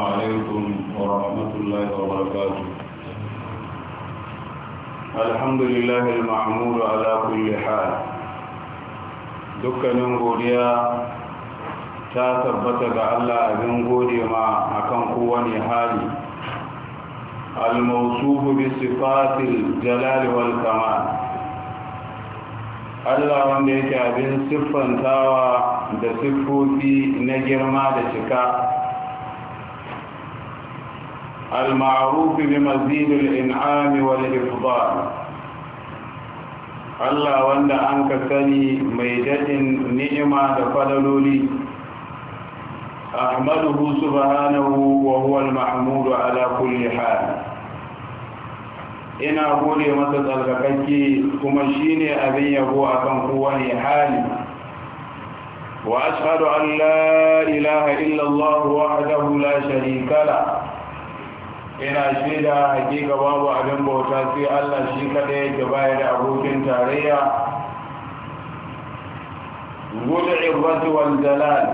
عليكم ورحمة الله وبركاته dukkanin godiya ta tabbata ga Allah abin gode ma akan kowane hali al-mawsufu bi sifatil jalal wal kamal Allah wanda yake abin siffantawa da siffofi na girma da cika المعروف بمزيد الإنعام والإفضال الله وند أنك سني ميدت نعمة فضلولي أحمده سبحانه وهو المحمود على كل حال انا أقول يا مسد الغكاكي كمشيني أبي يبو أكن قواني حالي وأشهد أن لا إله إلا الله وحده لا شريك له yana shaida hakika babu abin bauta sai Allah shi kada yake baya da abokin tarayya gudu ibrati wal jalal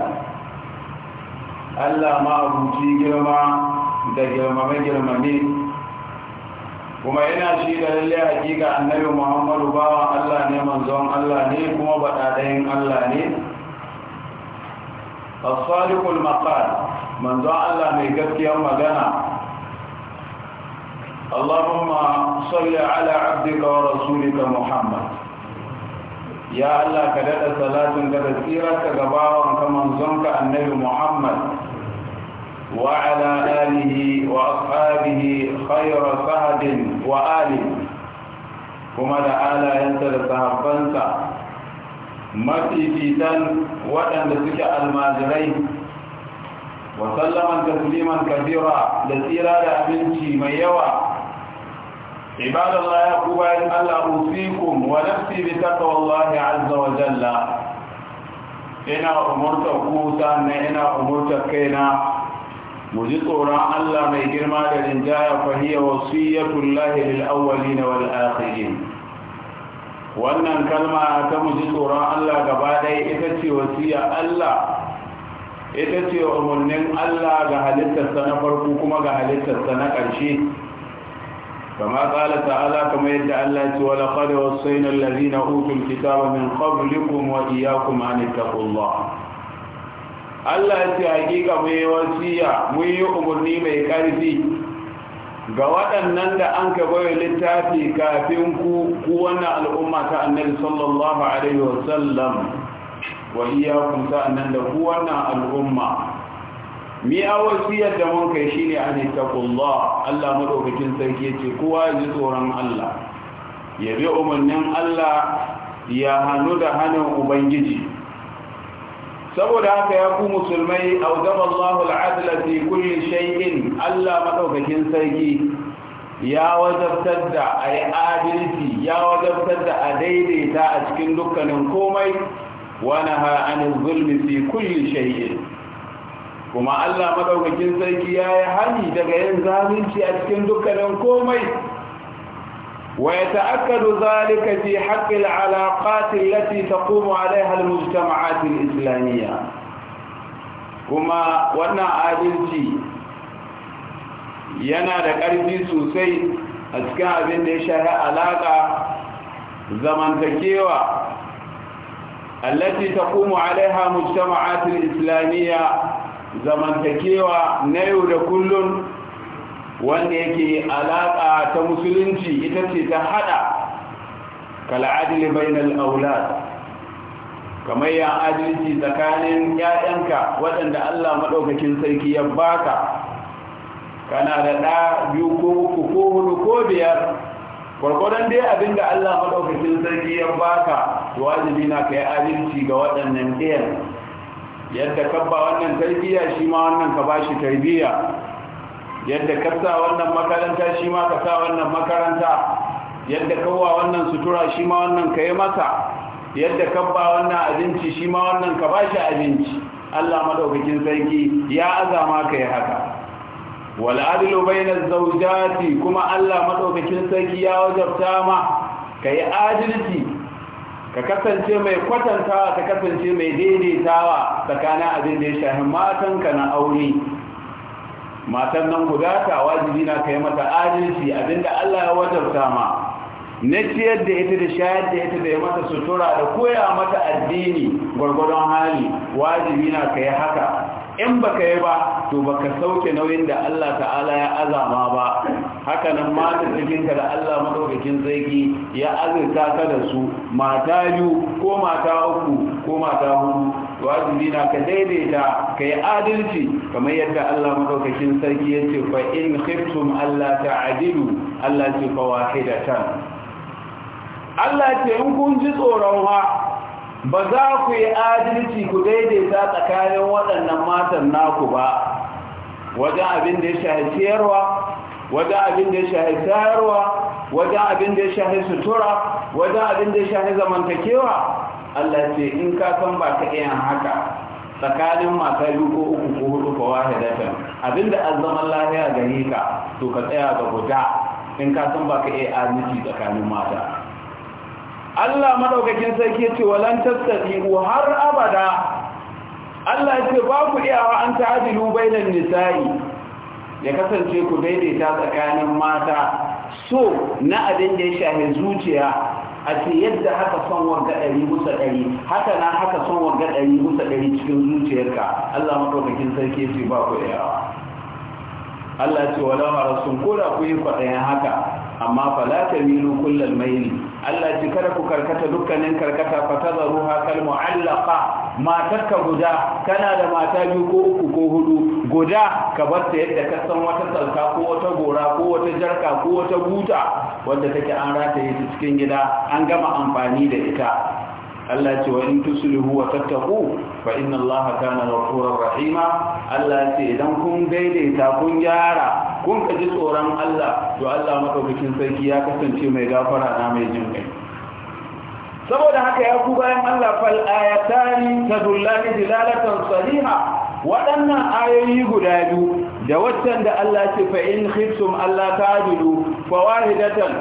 Allah ma abuci girma da girmame girmame kuma yana shi da lalle hakika annabi Muhammadu bawan Allah ne manzon Allah ne kuma baɗaɗayin Allah ne as-sadiqul maqal manzon Allah mai gaskiyar magana اللهم صل على عبدك ورسولك محمد يا الله كدد صلاة كتسيرة كبارا كمن زنك النبي محمد وعلى آله وأصحابه خير سهد وآله كما لآلا ينسل سهبانسا متي فيتان ودن لسك الماجرين وسلما تسليما كثيرا لسيرا لأمنتي من يوى عباد الله يا كبار الله أوصيكم ونفسي بتقوى الله عز وجل ina umurta ku sannan ina umurta kaina mu ji tsoron Allah mai girma da rinjaya fa hiya wasiyatul lahi lil awwalin wal akhirin wannan kalma ta mu ji tsoron Allah gaba ɗaya ita ce wasiya Allah ita ce umurnin Allah ga halittarsa na farko kuma ga halittarsa na ƙarshe كما قال تعالى كما يدعى الله ولقد وصينا الذين أوتوا الكتاب من قبلكم وإياكم أن اتقوا الله Allah ce hakika mai wasiya mun yi umarni mai ƙarfi ga waɗannan da an ka bayo littafi kafin ku ku wannan al'umma ta annabi sallallahu alaihi wa sallam wa iyyakum ta annan da ku wannan al'umma mi a wasiyar da mun kai shine an taqullah Allah maɗaukakin sarki ce kowa ya ji tsoron Allah ya bi umarnin Allah ya hannu da hannun ubangiji saboda haka ya ku musulmai auzaba Allahu al fi kulli shay'in Allah maɗaukakin sarki ya wajabtar da ai adalci ya wajabtar da a daidaita a cikin dukkanin komai Wani naha zulmi fi kulli shay'in kuma Allah madaukakin sarki ya yi hani daga yin zalunci a cikin dukkanin komai wa ya ta'akkadu zalika fi haqqil alaqat allati taqumu alaiha almujtama'at islamiyya? kuma wannan adalci yana da ƙarfi sosai a cikin abin da ya shahi alaƙa zamantakewa allati taqumu alaiha mujtama'at islamiyya. zamantakewa na yau da kullun wanda yake alaƙa ta musulunci ita ce ta haɗa kal'adil bainal aulad kamar ya adalci tsakanin ‘ya'yanka waɗanda Allah maɗaukakin sarki ya baka kana da ɗa biyu ko uku ko hudu ko biyar gwargwadon dai abinda Allah maɗaukakin sarki ya baka wajibi na ka yi adalci ga waɗannan ɗiyar yadda kabba wannan tarbiyya shi ma wannan ka bashi tarbiyya yadda ka sa wannan makaranta shi ma ka sa wannan makaranta yadda kawwa wannan sutura shi ma wannan ka yi masa yadda kabba wannan abinci shi ma wannan ka bashi abinci Allah madaukakin sarki ya azama ka yi haka wal adlu bainaz zawjati kuma Allah madaukakin sarki ya wajabta ma kai adalci ka kasance mai kwatantawa ka kasance mai daidaitawa tsakanin abin da ya shahi matanka na aure matan nan guda ta wajibi na kai mata adalci abinda Allah ya wajarta ma na ciyar da ita da shayar da ita da ya mata sutura da koya mata addini gwargwadon hali wajibi na kai haka in baka yi ba to baka sauke nauyin da Allah ta'ala ya azama ba haka nan mata cikinka da Allah madaukakin sarki ya azurta ka da su mata biyu ko mata uku ko mata hudu wajibi na ka daidaita ka yi adalci kamar yadda Allah madaukakin sarki ya ce fa in khiftum Allah ta'adilu Allah ce fa wahidatan Allah ce in kun ji tsoron ha ba za ku yi adalci ku daidaita tsakanin waɗannan matan naku ba wajen abin da ya shahi siyarwa wajen abin da ya shahi sayarwa wajen abin da ya shahi sutura wajen abin da ya shahi zamantakewa Allah ce in ka san ba ka iya haka tsakanin mata biyu ko uku ko hudu ko wahidatan abinda an zama lahiya gani ka to ka tsaya ga guda in ka san ba ka iya adalci tsakanin mata Allah madaukakin sarki yace walan tastati'u har abada Allah yace ba ku iyawa an ta'dilu bainan nisa'i ya kasance ku daidaita tsakanin mata so na abin da ya shahe zuciya a ce yadda haka son warga ɗari musa ɗari haka na haka son warga ɗari musa ɗari cikin zuciyarka Allah madaukakin sarki yace ba ku iyawa Allah ce wala marasun ko da ku yi kwaɗayen haka amma fala tamilu kullal mayli Allah ji kada ku karkata dukkanin karkata fatazaruha kal mu'allaqa matarka guda kana da mata biyu ko uku ko hudu guda ka bar ta yadda ka san wata salka ko wata gora ko wata jarka ko wata buta wanda take an rataye ta cikin gida an gama amfani da ita Allah ce wa in tuslihu wa tattaqu fa inna Allah kana ghafurur rahima Allah ce idan kun daidaita kun gyara kun ka ji tsoron Allah to Allah madaukakin sarki ya kasance mai gafara na mai jin kai saboda haka ya ku bayan Allah fal ayatani tadullani dilalatan sahiha waɗannan ayoyi guda biyu da waccan da Allah ce fa in khiftum Allah ta'dilu fawahidatan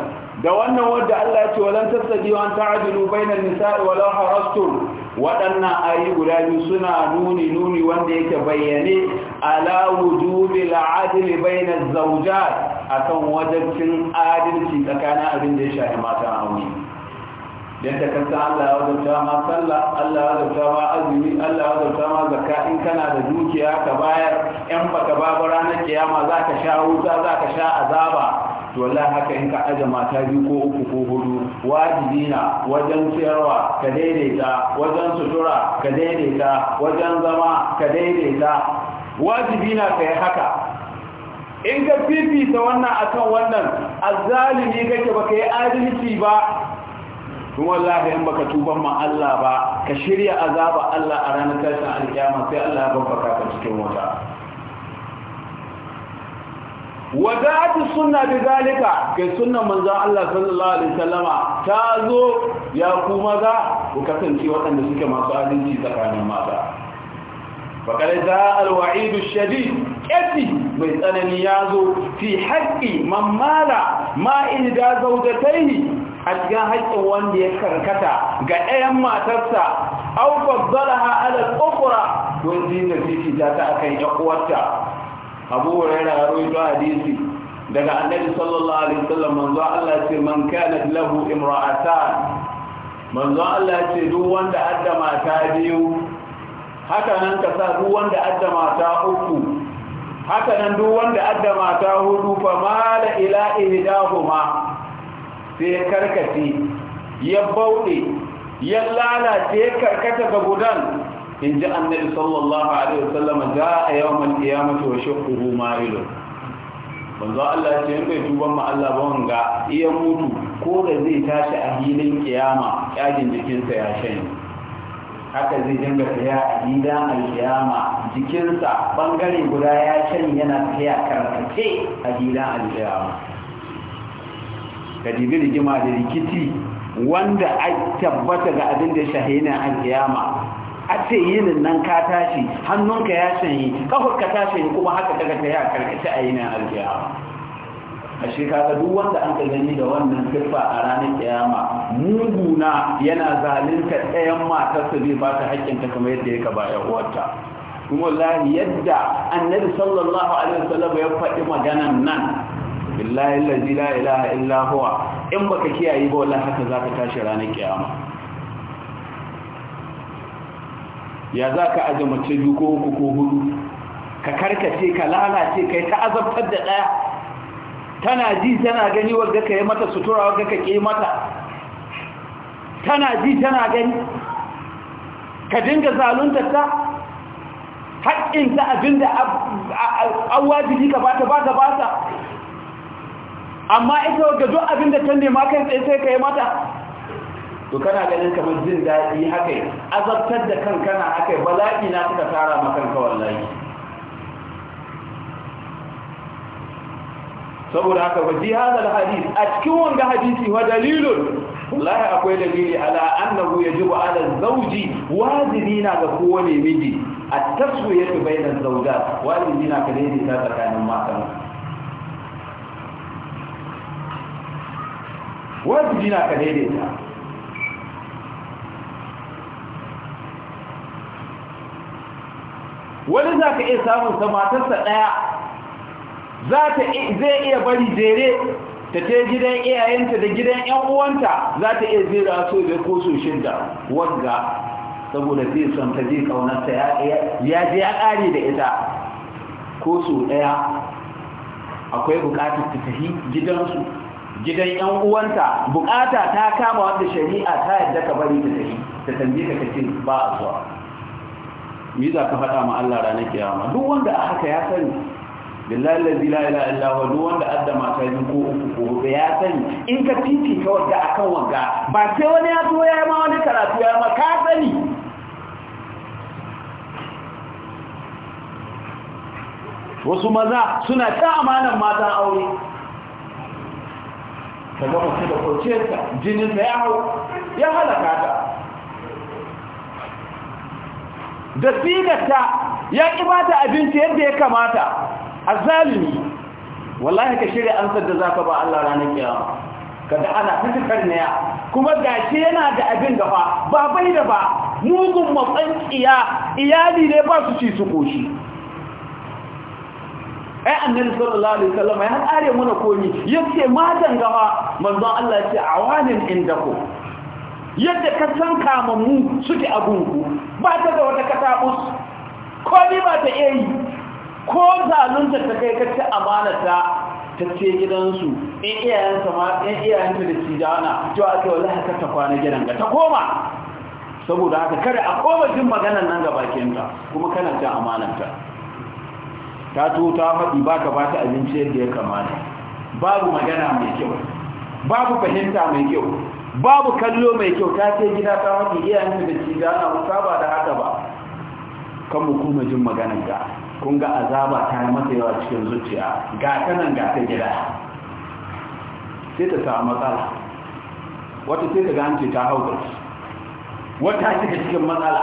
da wannan wadda Allah ya ce walan tasabi wa ta'dilu bainan nisa'i wa law harastum wadannan ayi guda biyu suna nuni nuni wanda yake bayyane ala wujubil adli bainaz zawjat akan wajibin adalci tsakanin abin da ya shafi mata aure yadda ka Allah ya wajabta ma sallah Allah ya wajabta ma azumi Allah ya wajabta ma zakka in kana da dukiya ka bayar yan baka babura ranar kiyama zaka sha wuta zaka sha azaba to wallahi haka in ka aje mata biyu ko uku ko hudu wajibi na wajen siyarwa, ka daidaita wajen sutura ka daidaita wajen zama ka daidaita wajibi na ka yi haka in ka fifita wannan akan wannan azalimi kake baka yi adalci ba Tun wallahi in baka tuban ma Allah ba ka shirya azaba Allah a ranar tashin alkiyama sai Allah ya babbaka ka cikin wuta wadatu sunna bi zalika ga sunnan manzon Allah sallallahu alaihi wasallama ta zo ya kuma maza ku kasance waɗanda suke masu adalci tsakanin mata faqad za al shadid kati mai tsanani ya zo fi haqqi man ma in da zaujataini a cikin haƙƙin wanda ya karkata ga ɗayan matarsa au faddalaha ala al-ukhra don dinna fifita ta akan ƴan uwarta abu hurairah ya rawaito hadisi daga annabi sallallahu alaihi wasallam manzo Allah ya ce man kanat lahu imra'atan manzo Allah ce duk wanda adda mata biyu haka nan ka sa duk wanda adda mata uku haka nan duk wanda adda mata hudu fa mala ila ihdahuma sai karkace ya bauɗe ya lalace karkata ga gudan in ji annabi sallallahu alaihi wasallam za a yawmal qiyamati wa shaqqahu ma'ilun manzo Allah ce in bai duban ma Allah ba wanga iya mutu ko da zai tashi a hilin kiyama yajin jikinsa ya shanye haka zai dinga tsaya a gida alkiyama jikinsa bangare guda ya shanye yana tsaya karkace a gidan alkiyama ka dibi rigima da rikici wanda a tabbata ga abin da shahina alkiyama a ce yinin nan ka tashi hannunka ya shanyi kafar ka tashi ne kuma haka daga ta ya karkace a yinin aljiyawa a shekara duk wanda an ka gani da wannan siffa a ranar kiyama muguna yana zalunta ɗayan matarsa zai ba ta haƙƙinta kamar yadda ya kaba ya uwarta kuma lahi yadda annabi sallallahu alaihi wasallam ya faɗi maganan nan billahi la ilaha illa huwa in baka kiyaye ba wallahi haka zaka tashi ranar kiyama ya za ka aje mace biyu ko uku ko hudu ka karkace ka lalace kai ta azabtar da ɗaya tana ji tana gani wadda ka yi mata sutura wadda ka ke mata tana ji tana gani ka dinga zalunta ta ta abinda an wajibi ka bata bata bata amma ita wadda duk abinda ta nema kai tsaye sai ka yi mata to kana ganin kamar jin daɗi haka azabtar da kan kana haka bala'i na suka tara ma kanka saboda haka wa hada hadal a cikin wanga hadisi wa dalilun wallahi akwai dalili ala annahu yajibu ala zawji wajibi na ga kowane miji at taswiyatu bainan zawjat wajibi na ka daidaita tsakanin matan wajibi na ka daidaita wani za ka iya samun matarsa ɗaya za ta zai iya bari jere ta ce gidan iyayenta da gidan ‘yan uwanta za ta iya zira so da ko so shida wanga saboda zai son ta je kaunarta ya je ya ƙare da ita ko ɗaya akwai buƙatar ta tafi gidansu gidan ‘yan uwanta buƙata ta kama wanda shari'a ta yadda ka bari ta tafi ta tambaye ka kace ba a zuwa ni za ka fada ma Allah ranar kiyama duk wanda a haka ya sani billahi lazi la ilaha duk wanda adda ta ko uku ko ya sani in ka titi ka wanda akan wanga ba sai wani ya zo ya ma wani karatu ya ma ka sani wasu maza suna ta amanan matan aure ka gama su da kwanciyarsa jininsa ya hau ya halaka ta da sigarta ya ƙi bata abinci yadda ya kamata a zalimi wallahi ka shirya ansar da ka ba Allah ranar kiyama kada ana fitikar naya kuma ce yana da abin da ba ba bai da ba mugun matsan iya iyali ne ba su ci su koshi ai annabi sallallahu alaihi wasallam ya hare mana komi yace matan gaba manzon Allah ya ce awanin indako yadda ka san kamammu suke abunku ba ta da wata katabus ko ni ba ta iya yi ko zalunta ta kai kacce amanata ta ce gidansu in iyayensa ma in iyayenta da cijana to a ce wallahi ka ta kwana gidan ga ta koma saboda haka kada a koma jin maganar nan ga bakinta kuma kana ta amananta ta to ta faɗi ba ka ba ta abinci yadda ya kamata babu magana mai kyau babu fahimta mai kyau babu kallo mai kyau ta ce gida ta wani iyayen da ci da ana ba da haka ba kan mu kuma jin maganin ga kun ga azaba ta yi masa yawa cikin zuciya ga ta nan ga ta gida sai ta samu matsala wata sai ta gance ta hau da wata ce cikin matsala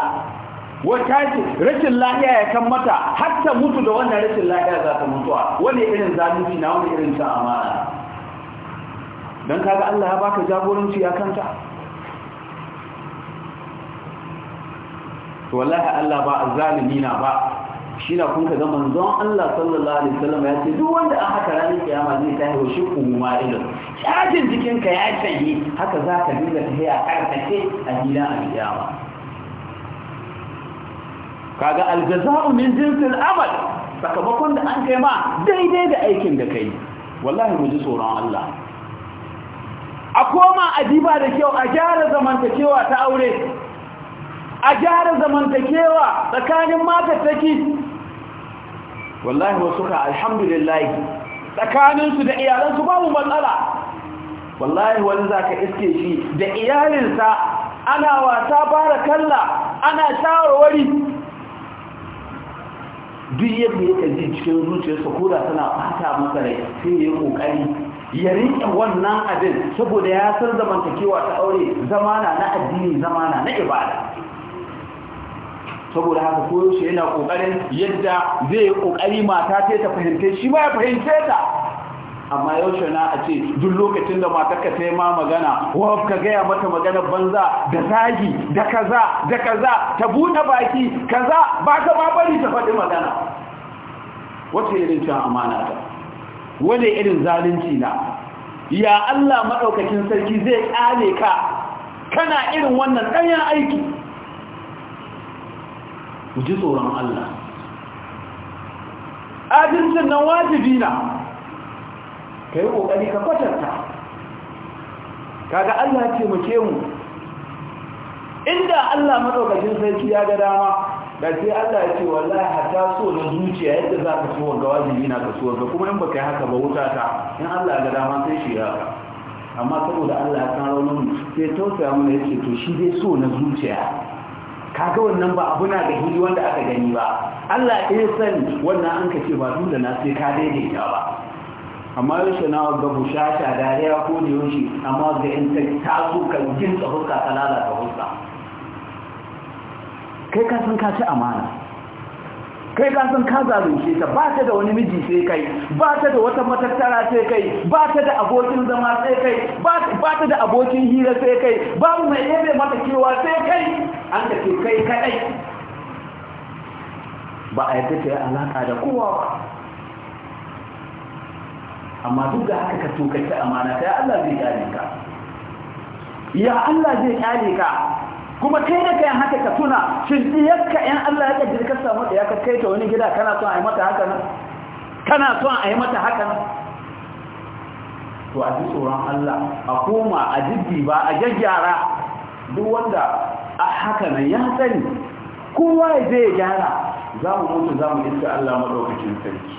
wata ce rashin lahiya ya kan mata har ta mutu da wannan rashin lahiya za ta mutuwa wani irin zalunci na wani irin ta amana don kaga Allah ya baka jagoranci a kanta to wallahi Allah ba azzalimi na ba shi na kun kaga manzon Allah sallallahu alaihi wasallam ya ce duk wanda an haka ranar kiyama zai ta wa shi umma ilal cajin jikin ka ya tayi haka zaka dinga tahi a karkace a gidan alkiyama kaga aljaza'u min jinsil amal sakamakon da an kai ma daidai da aikin da kai wallahi mu ji tsoron Allah a koma a diba da kyau a gyara zamantakewa ta aure a gyara zamantakewa tsakanin matattaki wallahi wasu ka alhamdulillahi tsakaninsu da iyalansu babu matsala wallahi wani za ka iske shi da iyalinsa ana wasa fara kalla ana shawarwari duk yadda ya ji cikin zuciyarsa koda suna fata masa rai sai ya yi kokari ya wannan abin saboda ya san zamantakewa ta aure zamana na addini zamana na ibada saboda haka koyaushe yana ƙoƙarin yadda zai yi ƙoƙari mata ce ta fahimce shi ma ya fahimce ta amma yaushe na a ce duk lokacin da matarka ta yi ma magana waf ka gaya mata magana banza da zagi da kaza da kaza ta buɗe baki kaza ba ka ma bari ta faɗi magana wace irin cin amana ta wane irin zalunci na ya Allah maɗaukakin sarki zai ƙale ka kana irin wannan ɗanyen aiki ku ji tsoron Allah Abincin nan wajibi na ka yi ƙoƙari ka kwatanta kaga Allah ce mu inda Allah maɗaukakin sarki ya ga dama da sai Allah ya ce wallahi hatta so na zuciya yadda za ka so ga wajibi na ka so ga kuma in baka yi haka ba wuta ta in Allah ga dama sai shi haka amma saboda Allah ya san raunin sai tausaya mana yace to shi dai so na zuciya kaga wannan ba abu na da hili wanda aka gani ba Allah ya sani wannan an ka ce ba da na sai ka daidaita ba amma yaushe na ga bushasha dariya ko da yaushe amma ga in ta taso kan jin tsafuka ta lalata kai ka san ka ci amana kai ka san ka zalunce ta ba ta da wani miji sai kai ba ta da wata matattara sai kai ba ta da abokin zama sai kai ba ta da abokin hira sai kai babu mai yabe mata kewa sai kai an da ke kai kadai ba a yadda ta yi alaka da kowa ba amma duk da haka ka tokaci amana ta ya Allah zai kyale ka ya Allah zai kyale ka kuma kai da kayan haka ka tuna shin diyarka yan Allah ya kaddara ka samu da ya ka kai ta wani gida kana son a yi mata haka nan kana son a yi mata haka nan to a ji tsoron Allah a koma a jiddi ba a gyaggyara duk wanda a haka nan ya sani kowa ya je gyara za mu mutu za mu iska Allah maɗaukacin sarki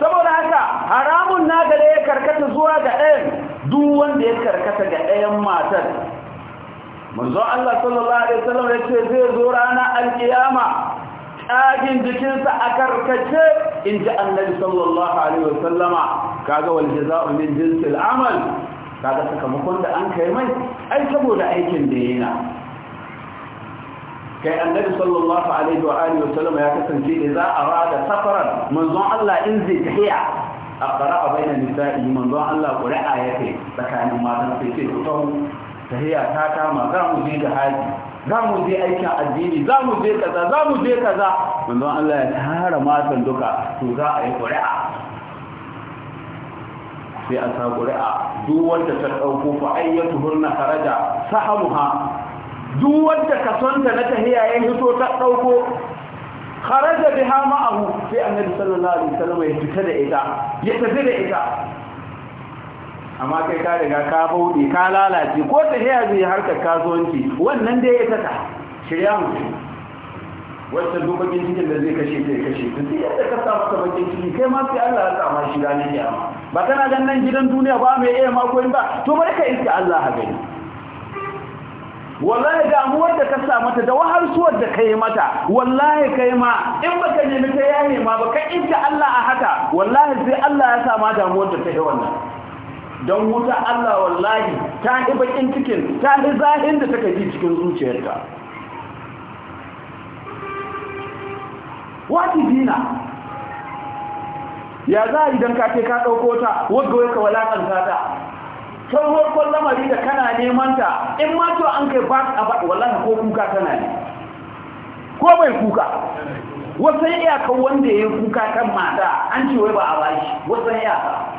saboda haka haramun na gare ya karkata zuwa ga ɗayan duk wanda ya karkata ga ɗayan matar manzo Allah sallallahu alaihi wasallam yace zai zo rana alkiyama kagin jikinsa a karkace inji annabi sallallahu alaihi wasallama kaga wal jazaa'u min jinsil amal kaga sakamakon da an kai mai ai saboda aikin da yana kai annabi sallallahu alaihi wa alihi wasallam ya kasance idza arada safaran manzon Allah in zai tahiya a qara'a bainan nisa'i manzon Allah qura'a yake tsakanin matan sai ce ku tahu tahiya ta kama za mu je da haji za mu je aikin addini za mu je kaza za mu je kaza manzon Allah ya tara matan duka to za a yi ƙuri'a sai a sa ƙuri'a duk wanda ta ɗauko fa ayyatu hurna karaja sahamuha duk wanda ka sonta na tahiya ya hito ta ɗauko kharaja biha ma'ahu sai annabi sallallahu alaihi wasallam ya fita da ita ya tafi da ita amma kai ka riga ka bauɗe ka lalace ko ta ya zai harkar kasuwanci wannan dai ya taka shirya mutum wacce duk bakin cikin da zai kashe ta ya kashe ta sai yadda ka samu ka bakin ciki kai ma sai Allah ya sama shi ya ma ba kana ganin nan gidan duniya ba mai iya mako ba to bari ka iska Allah ha gani wallahi damuwar da ka sa mata da wahalsuwar da ka yi mata wallahi kai ma in baka nemi ta yaye ma baka iska Allah a haka wallahi sai Allah ya sa ma damuwar da ta yi wannan don wuta Allah wallahi ta yi bakin cikin ta yi zahin da ta kaji cikin zuciyarta wati dina ya za a idan don kake ka ɗauko ta wadda wai ka walakanta ta ta lamari da kana neman ta in mato an kai ba a ba wallahi ko kuka tana ne ko bai kuka wasan iyaka wanda ya yi kuka kan mata an ce ba a bashi wasan iyaka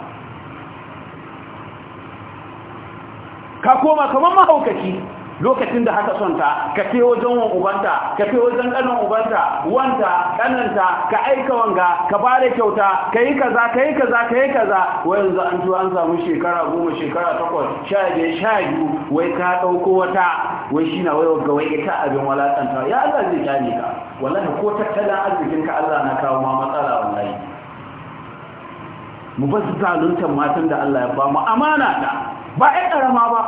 ka koma kamar mahaukaci lokacin da haka sonta ka fi wajen wan ubanta ka fi wajen kanin ubanta wanta kananta ka aika wanga ka ba da kyauta ka yi kaza ka yi kaza ka yi kaza wai yanzu an ji an samu shekara goma shekara takwas sha biyar sha biyu wai ka ɗauko wata wai shi na wayo ga wai ita abin walaƙanta ya Allah zai kyale ka wallahi ko tattalin arzikin ka Allah na kawo ma matsala wallahi mu ba su zaluntar matan da Allah ya ba mu amana ta ba ɗan ƙarama ba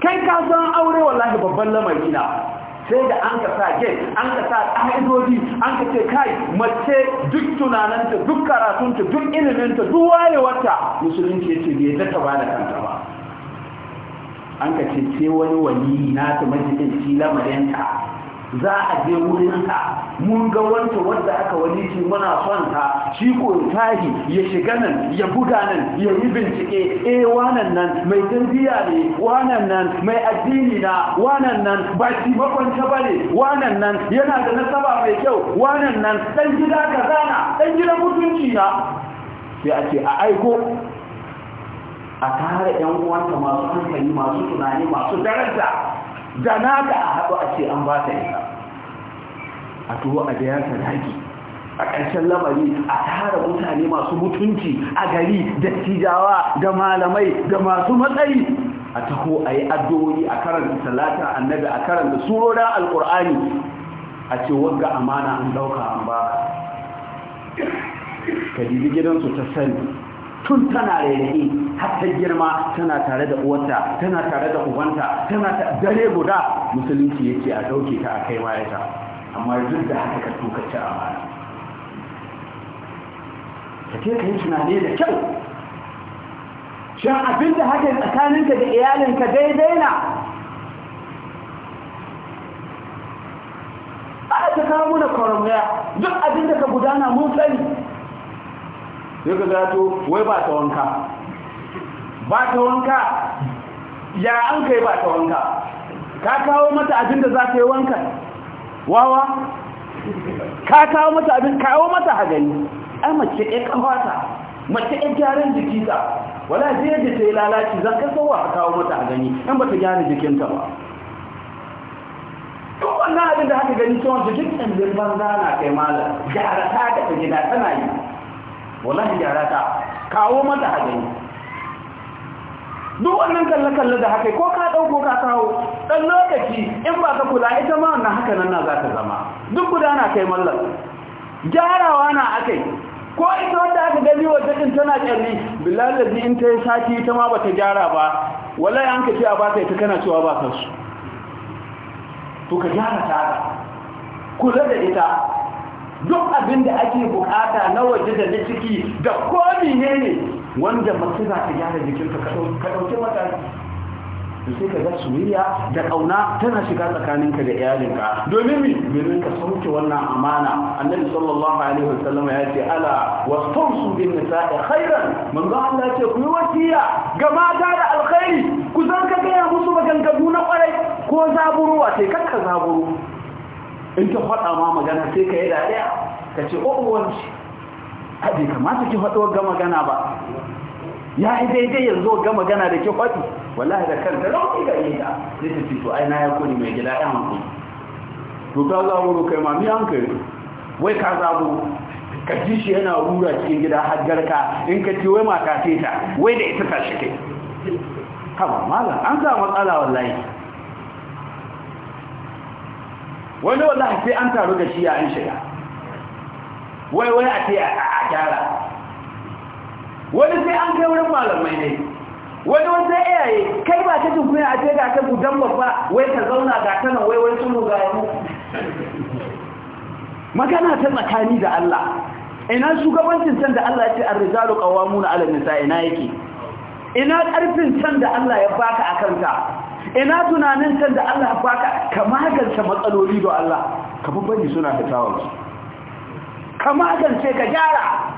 kai ka san aure wallahi babban lamari na sai da an ka sa gate an ka sa ƙa'idodi an ka ce kai mace duk tunananta duk karatunta duk iliminta duk wayewarta musulunci ya ce bai zata ba da kanta ba an ka ce ce wani wani na ta majalisar shi lamarinta za a je wurinka mun ga wanda wanda aka wani shi muna son ta shi ko tahi ya shiga nan ya buga nan ya yi bincike eh wannan nan mai tarbiyya ne wannan nan mai addini na wannan nan ba shi makwanta bane wannan nan yana da nasaba mai kyau wannan nan dan gida na, dan gida mutunci na sai a ce a aiko a tare yan uwanta masu hankali masu tunani masu daraja da na da a haɗu a ce an ba ta isa. a tuwo a da yansa a ƙarshen lamari a tara mutane masu mutunci a gari da tijawa da malamai da masu matsayi a taho a yi addu'o'i a karanta salata annabi a karanta surorin alkur'ani a ce wanga amana an ɗauka an ba ka gidansu ta sani tun tana rairayi har ta girma tana tare da uwarta tana tare da ubanta tana dare guda musulunci yake a dauke ta a kai wayata amma duk da haka ka tuka ci amana ka ce kai yi ne da kyau shin abin da haka tsakaninka da iyalinka daidai na ana ta kawo mana kwaramaya duk abin da ka gudana mun sani ya za to wai ba ta wanka ba ta wanka ya an kai ba ta wanka ka kawo mata abin da za ta yi wanka wawa ka kawo mata abin kawo mata hagani ai mace ɗaya ƙafata mace ɗaya gyaran jiki ta wala je yadda ta yi lalaci zan ka sauwa a kawo mata hagani in ba ta gyara jikinta ba duk wannan abin da haka gani tsohon jikin ɗan banza na kai malar gyara ta da ta gida tana yi wallahi gyara ta kawo mata hagani duk wannan kalle-kalle da haka ko ka ɗauko ka kawo ɗan lokaci in ba ka kula ita ma wannan haka nan na za ta zama duk guda na kai mallar gyarawa na akai ko ita wanda aka gani wa jakin tana kyalli bilalazi in ta yi sati ita ma ba ta gyara ba wallahi an ka ce a ba ta ita kana cewa ba ta su to ka gyara ta kula da ita duk abin da ake bukata na waje da na ciki da komi ne ne wanda masu za ta gyara jikinka ka ɗauki mataki sai ka ga soyayya da ƙauna tana shiga tsakaninka da iyalinka domin mi domin ka sauke wannan amana annabi sallallahu alaihi wasallam ya ce ala wastawsu bin nisa'i khairan manzo Allah ce ku wasiya ga mata da alkhairi ku san ka ga musu magangabu na kwarai ko zaburuwa sai kakka zaburu in ta faɗa ma magana sai ka yi dariya ka ce ƙwaƙwanci oh, a bai kamata ki faɗo ga magana ba ya yi daidai yanzu ga magana da ke faɗi wallahi da kanta rauni ga yi da zai ta fito aina ya kuni mai gida ya hankali to ta zaburo kai ma mi hankali wai ka zaburo ka ji shi yana rura cikin gida har garka in ka ce wai mata ta wai da ita ta shi kai haba malam an sa matsala wallahi wani wallahi sai an taru da shi ya an shiga wai wai a ce a gyara wani sai an kai wurin malamai ne wani wata iyaye kai ba ta jin kuya a ce ga ta gudan babba wai ka zauna ga ta nan wai wai sun ga mu magana ta tsakani da Allah ina shugabancin can da Allah ya ce ar-rijalu qawwamuna 'ala an-nisa ina yake ina karfin can da Allah ya baka akan kanta? ina tunanin kan da Allah baka ka magance matsaloli da Allah kamar bani suna da tawon ka magance ka gyara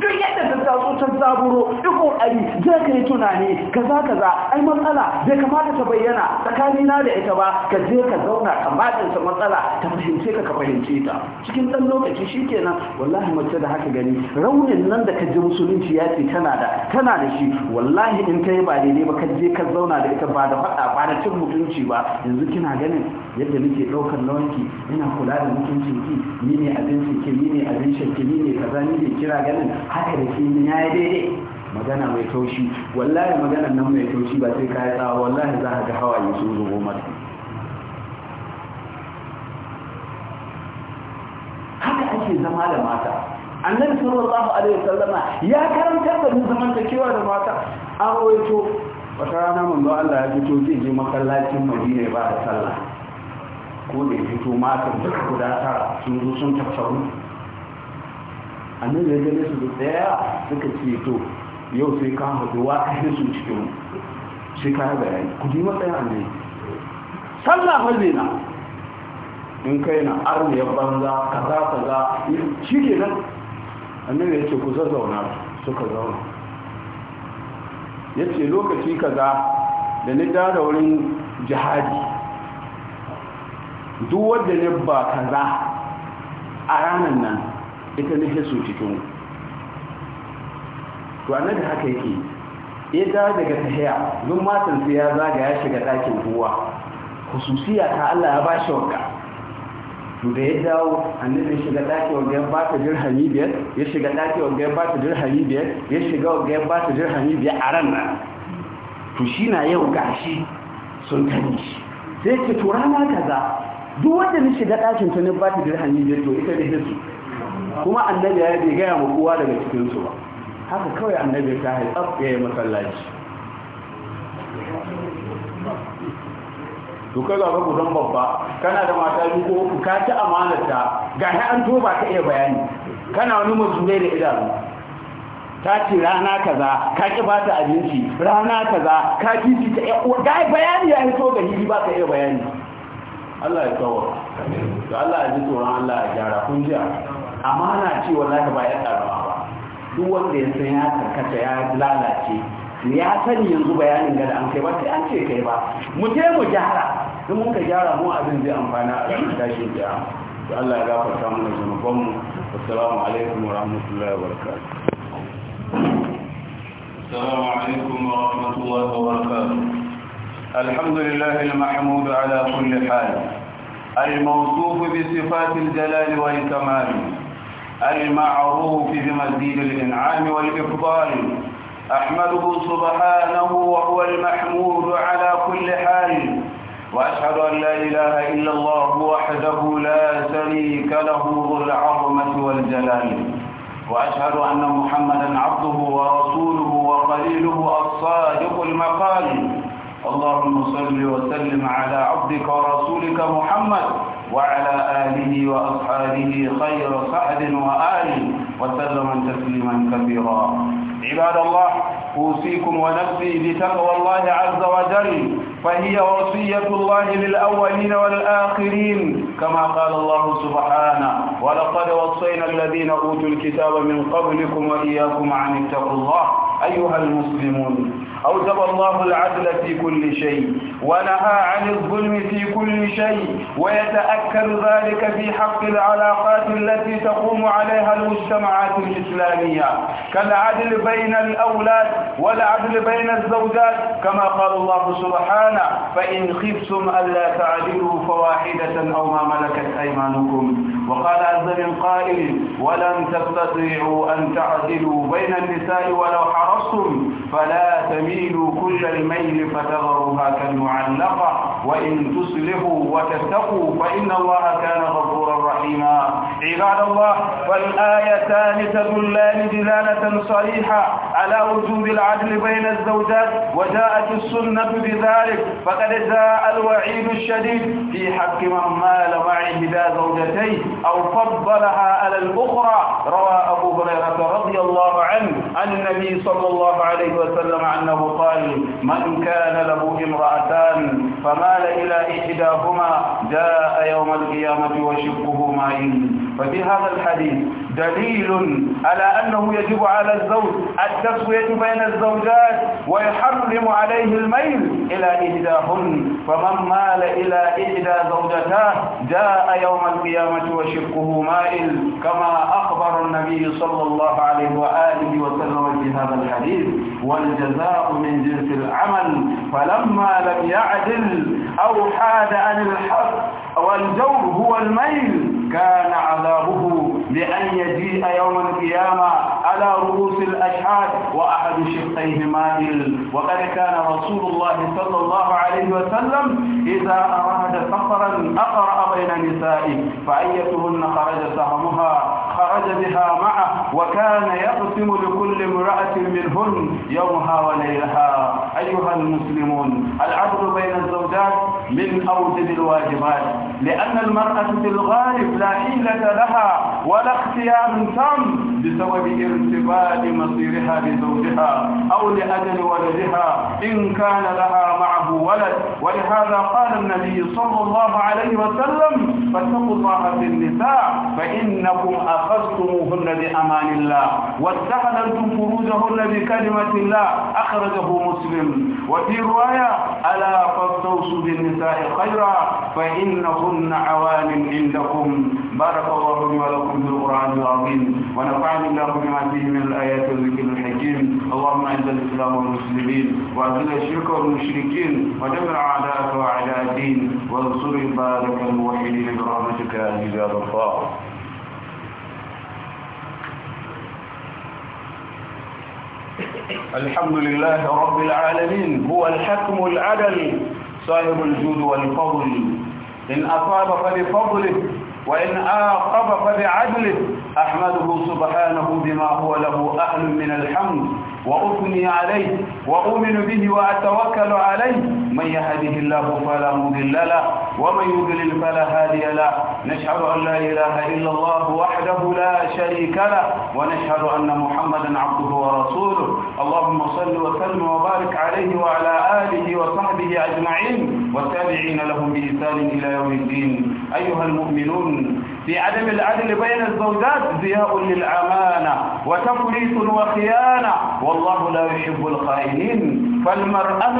duk yadda ta taso ta zaburo duk ƙoƙari zai ka yi tunani kaza kaza ai matsala zai kamata ta bayyana tsakanina da ita ba ka je ka zauna ka magance matsala ta fahimce ka ka fahimce ta cikin ɗan lokaci shi kenan wallahi mace da haka gani raunin nan da ka ji musulunci ya ce tana da tana da shi wallahi in ka yi ba daidai ba ka je ka zauna da ita ba da faɗa ba da cin mutunci ba yanzu kina ganin yadda nake ɗaukar nauyinki ina kula da mutuncin ki ni ne abin ki ni ne abin shakki ni ne kaza ni ne kira ganin haka da ki ni yayi daidai magana mai taushi wallahi maganar nan mai taushi ba sai ka yi tsawa wallahi za ka ga hawaye sun zubo mata haka ake zama da mata annabi sallallahu alaihi Sallama ya karantar da zamantakewa da mata an roito wata rana manzo Allah ya fito zai je masallacin Madina ba da sallah ko da fito matan duka guda tara sun zo sun tattaru annabi ya gane su da tsaya suka ce to yau sai ka haɗu wa hin su cikin sai ka yayi ku ji matsayin annabi sallah halbe na in kai na arni banza kaza kaza shi ke nan annabi ya ce ku zazzauna suka zauna ya ce lokaci kaza da ni da wurin jihadi duk wadda ne ba kaza a ranar nan ita ne su cikin to da haka yake ita daga tahiya duk matan sai ya zaga ya shiga ɗakin kowa hususiya ta Allah ya bashi wanka to da ya dawo annabi ya shiga ɗaki wanda ya ba ta dirhami biyar ya shiga ɗaki wanda ya ba ta dirhami biyar ya shiga wanda ya ba ta dirhami biyar a ran nan to shi na yau gashi sun tani shi sai ce tura na kaza duk wanda ni shiga ɗakin ta ne ba ta dirhan biyar to ita da hisu kuma annabi ya bai gaya ma kowa daga cikin ba haka kawai annabi ta hai tsaf ya yi masallaci to kai ga babu don babba kana da mata biyu ko uku ka ci amanarta ga ta an toba ka iya bayani kana wani mazurai da idanu ta ce rana kaza ka ki ba ta abinci rana kaza ka ci ta iya bayani ya hito ga hili ba ka iya bayani Allah ya kawo to Allah ya ji tsoron Allah ya gyara kun ji amana ce wallahi ba ya karama ba duk wanda ya san ya karkata ya lalace ya sani yanzu bayanin gada an kai ba sai an ce kai ba mu je mu gyara in mun ka gyara mu abin zai amfana a ranar tashin kiyama to Allah ya gafarta mana zanubanmu assalamu alaikum wa rahmatullahi wa barakatuh السلام عليكم ورحمة الله وبركاته الحمد لله المحمود على كل حال الموصوف بصفات الجلال والكمال المعروف بمزيد الإنعام والإفضال أحمده سبحانه وهو المحمود على كل حال وأشهد أن لا إله إلا الله وحده لا شريك له ذو العظمة والجلال وأشهد أن محمدا عبده ورسوله وقليله الصادق المقال اللهم صل وسلم على عبدك ورسولك محمد وعلى آله وأصحابه خير سعد وآل وسلم تسليما كثيرا عباد الله أوصيكم ونفسي بتقوى الله عز وجل فهي وصية الله للأولين والآخرين كما قال الله سبحانه ولقد وصينا الذين أوتوا الكتاب من قبلكم وإياكم عن اتقوا الله أيها المسلمون أوجب الله العدل في كل شيء ونهى عن الظلم في كل شيء ويتأكد ذلك في حق العلاقات التي تقوم عليها المجتمعات الإسلامية كالعدل بين الأولاد والعدل بين الزوجات كما قال الله سبحانه فإن خفتم ألا تعدلوا فواحدة أو ما ملكت أيمانكم وقال عز من قائل ولن تستطيعوا أن تعدلوا بين النساء ولو حرصتم فلا تميلوا ميلوا كل الميل فتغروها كالمعلقة وإن تصلحوا وتتقوا فإن الله كان غفورا رحيما عباد الله والآيتان تدلان دلالة صريحة على وجوب العدل بين الزوجات وجاءت السنة بذلك فقد جاء الوعيد الشديد في حق من مال معه إحدى زوجتيه أو فضلها على الأخرى روى أبو هريرة رضي الله عنه عن النبي صلى الله عليه وسلم أنه قال من كان له امرأتان فمال إلى إحداهما جاء يوم القيامة وشقه مائل ففي هذا الحديث دليل على أنه يجب على الزوج التسوية بين الزوجات ويحرم عليه الميل إلى إهداهن فمن مال إلى إهدى زوجتاه جاء يوم القيامة وشقه مائل كما أخبر النبي صلى الله عليه وآله وسلم في هذا الحديث والجزاء من جنس العمل فلما لم يعدل أو حاد عن الحق والجور هو الميل كان عذابه لأن يجيء يوم القيامة على رؤوس الأشهاد وأحد شقيه مائل وقد كان رسول الله صلى الله عليه وسلم إذا أراد سفرا أقرأ بين نسائه فأيتهن خرج سهمها خرج بها معه وكان يقسم لكل امرأة منهن يومها وليلها أيها المسلمون العدل بين الزوجات من أوجب الواجبات لأن المرأة في الغالب لا حيلة لها ولا اختيار تام بسبب ارتباط مصيرها بزوجها أو لأجل ولدها إن كان لها معه ولد ولهذا قال النبي صلى الله عليه وسلم فاتقوا الله في النساء فإنكم أخذتموهن بأمان الله واتخذتم فروجهن بكلمة الله أخرجه مسلم وفي رواية ألا فاستوصوا بالنساء خيرا فإنهن عوان عندكم بارك الله لي ولكم في القرآن العظيم ونفعني الله بما فيه من الآيات والذكر الحكيم اللهم أعز الإسلام والمسلمين وأذل الشرك والمشركين الدين ودمر اعداءك واعداء الدين وانصر بارك الموحدين برحمتك يا غفار الحمد لله رب العالمين هو الحكم العدل صاحب الجود والفضل إن أصاب فبفضله وإن آقب فبعدله أحمده سبحانه بما هو له أهل من الحمد وأثني عليه وأؤمن به وأتوكل عليه من يهده الله فلا مضل له ومن يضلل فلا هادي له نشهد أن لا إله إلا الله وحده لا شريك له ونشهد أن محمدا عبده ورسوله اللهم صل وسلم وبارك عليه وعلى آله وصحبه أجمعين والتابعين لهم بإحسان إلى يوم الدين أيها المؤمنون في عدم العدل بين الزوجات زياء للأمانة وتفريط وخيانة والله لا يحب الخائنين فالمرأة,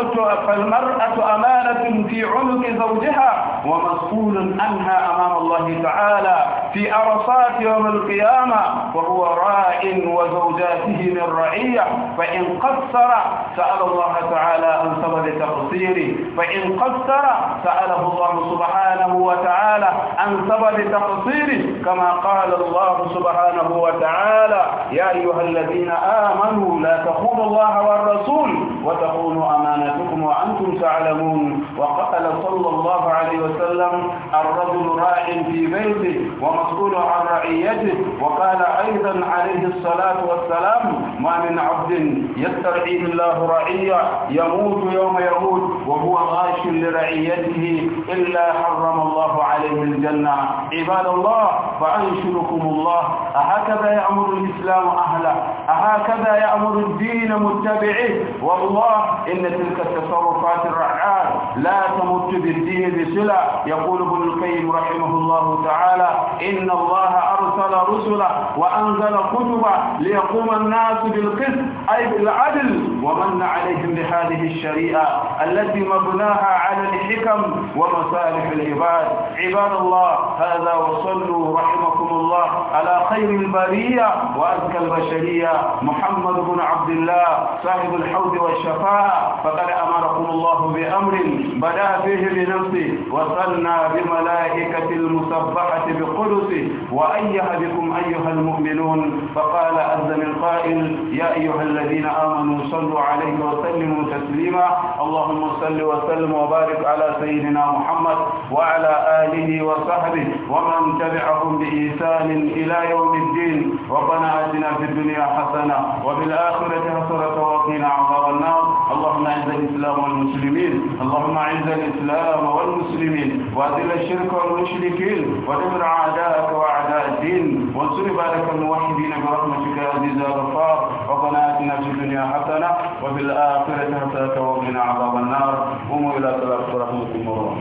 فالمرأة أمانة في عنق زوجها ومسؤول عنها أمام الله تعالى في عرصات يوم القيامة وهو راع وزوجاته من رعية فإن قصر سأل الله تعالى أن سبب تقصيره فإن قصر سأله الله سبحانه وتعالى عن سبب تقصيره كما قال الله سبحانه وتعالى يا أيها الذين آمنوا لا تخونوا الله والرسول وتخونوا أمانتكم وأنتم تعلمون وقال صلى الله عليه وسلم الرجل راع في بيته ومسؤول عن رعيته وقال أيضا عليه الصلاة والسلام ما من عبد يسترعيه الله رعية يموت يوم يموت وهو غاش لرعيته إلا حرم الله عليه الجنة عباد الله فأنشركم الله أهكذا يأمر الإسلام أهله أهكذا يأمر الدين متبعه والله إن تلك التصرفات الرعاة لا تمت بالدين بصلة يقول ابن القيم رحمه الله تعالى إن الله أرسل رسلا وأنزل كتبا ليقوم الناس بالقسط أي بالعدل ومن عليهم بهذه الشريعة التي مبناها على الحكم ومصالح العباد عباد الله هذا وصلوا رحمكم الله الله على خير البرية وأزكى البشرية محمد بن عبد الله صاحب الحوض والشفاعة فقد أمركم الله بأمر بدأ فيه بنفسه وصلنا بملائكة المسبحة بقدسه وأيها بكم أيها المؤمنون فقال عز من قائل يا أيها الذين آمنوا صلوا عليه وسلموا تسليما اللهم صل وسلم وبارك على سيدنا محمد وعلى آله وصحبه ومن تبعهم بإيسان بإحسان إلى يوم الدين ربنا آتنا في الدنيا حسنة وفي الآخرة حسنة وقنا عذاب النار اللهم أعز الإسلام والمسلمين اللهم أعز الإسلام والمسلمين وأذل الشرك والمشركين ودمر أعداءك وأعداء الدين وانصر عبادك الموحدين برحمتك يا عزيز يا غفار ربنا آتنا في الدنيا حسنة وفي الآخرة حسنة وقنا عذاب النار قوموا إلى صلاة رحمكم الله